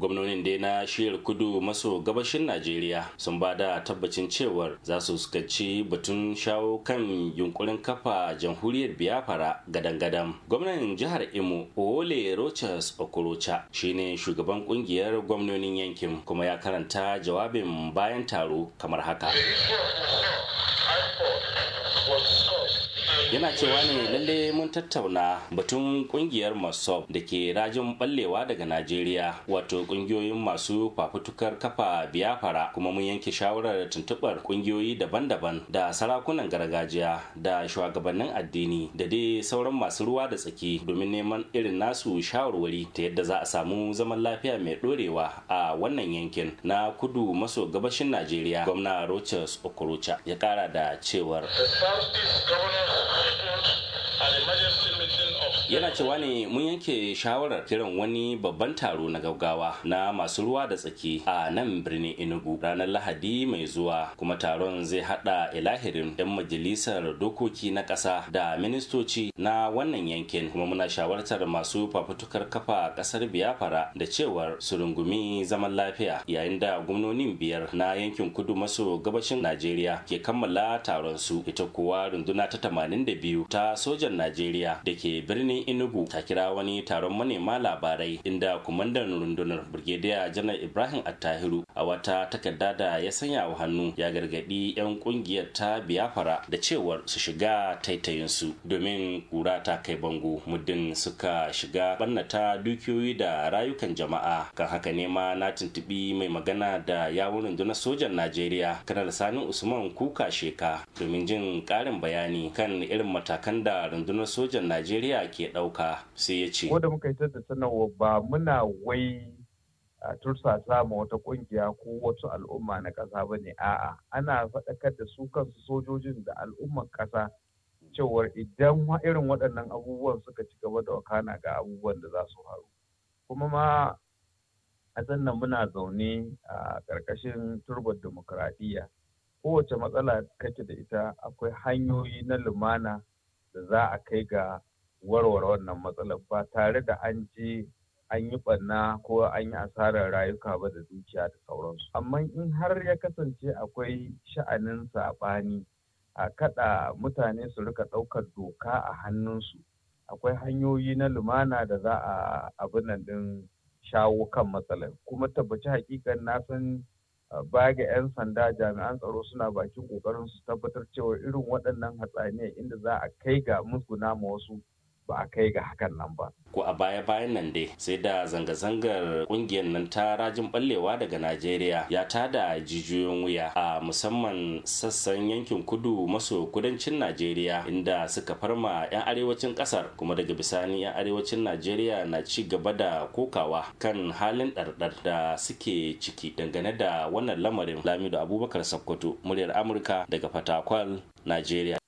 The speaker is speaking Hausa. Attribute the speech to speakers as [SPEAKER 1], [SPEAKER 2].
[SPEAKER 1] gwamnonin dai na shiyar kudu maso gabashin najeriya sun ba da tabbacin cewar za su sukaci batun shawo kan yunkurin kafa jamhuriyar biafra gadan-gadan gwamnan jihar imo ole rochas okorocha shine shugaban kungiyar gwamnonin yankin kuma ya karanta jawabin bayan taro kamar haka
[SPEAKER 2] yana cewa ne
[SPEAKER 1] lalle mun tattauna batun kungiyar masob da ke rajin ballewa daga najeriya wato kungiyoyin masu fafutukar kafa biyafara kuma mun yanke shawarar tuntubar kungiyoyi daban-daban da sarakunan gargajiya da shugabannin addini da dai sauran masu ruwa da tsaki domin neman irin nasu shawarwari ta yadda za a samu zaman lafiya mai dorewa a wannan yankin na kudu maso gabashin najeriya gwamna rochas okorocha ya kara da cewar
[SPEAKER 2] Deus. yana
[SPEAKER 1] cewa ne mun yanke shawarar kiran wani babban taro na gaggawa na masu ruwa da tsaki a nan birnin enugu ranar lahadi mai zuwa kuma taron zai hada ilahirin yan majalisar dokoki na kasa da ministoci na wannan yankin kuma muna shawartar masu fafutukar kafa ƙasar biyafara da cewar su rungumi zaman lafiya yayin da gwamnonin biyar na yankin kudu maso gabashin najeriya ke kammala taron su ita kuwa runduna ta 82 ta sojan sojan najeriya da ke birnin enugu ta kira wani taron manema labarai inda kumandan rundunar birgediya janar ibrahim attahiru a wata takarda da ya sanya wa hannu ya gargadi 'yan kungiyar ta biyafara da cewar su shiga taitayinsu domin kura ta kai bango muddin suka shiga bannata dukiyoyi da rayukan jama'a kan haka ne ma na tuntubi mai magana da yawon rundunar sojan najeriya kanar sani usman kuka sheka domin jin karin bayani kan irin matakan da rundunar sojan najeriya ke ɗauka sai ya ce
[SPEAKER 2] wanda muka yi da sanarwa ba muna wai a tursasa ma wata kungiya ko wasu al'umma na ƙasa ba ne a'a ana faɗakar da su kansu sojojin da al'umman ƙasa cewar idan irin waɗannan abubuwan suka ci gaba da wakana ga abubuwan da za su faru kuma ma a sannan muna zaune a ƙarƙashin turbar demokuraɗiyya kowace matsala kake da ita akwai hanyoyi na lumana da za a kai ga warware wannan matsalar ba tare da an je an yi ɓanna ko an yi asarar rayuka ba da zuciya da sauransu. Amma in har ya kasance akwai sha'anin saɓani a kaɗa mutane su rika ɗaukar doka a hannunsu akwai hanyoyi na lumana da za a abin nan ɗin shawo kan matsalar kuma tabbaci hakikan na san baya ga 'yan sanda jami'an tsaro suna bakin ƙoƙarin su tabbatar cewa irin waɗannan hatsaniya inda za a kai ga musguna ma wasu ba a kai ga hakan nan ba.
[SPEAKER 1] Ko a baya-bayan nan dai sai da zanga-zangar kungiyar nan ta rajin ballewa daga Najeriya ya ta da jijiyoyin wuya a musamman sassan yankin kudu maso kudancin Najeriya inda suka farma 'yan arewacin kasar kuma daga bisani 'yan arewacin Najeriya na ci gaba da kokawa kan halin ɗarɗar da suke ciki dangane da wannan lamarin Lamido Abubakar Sokoto muryar Amurka daga Fatakwal, Najeriya.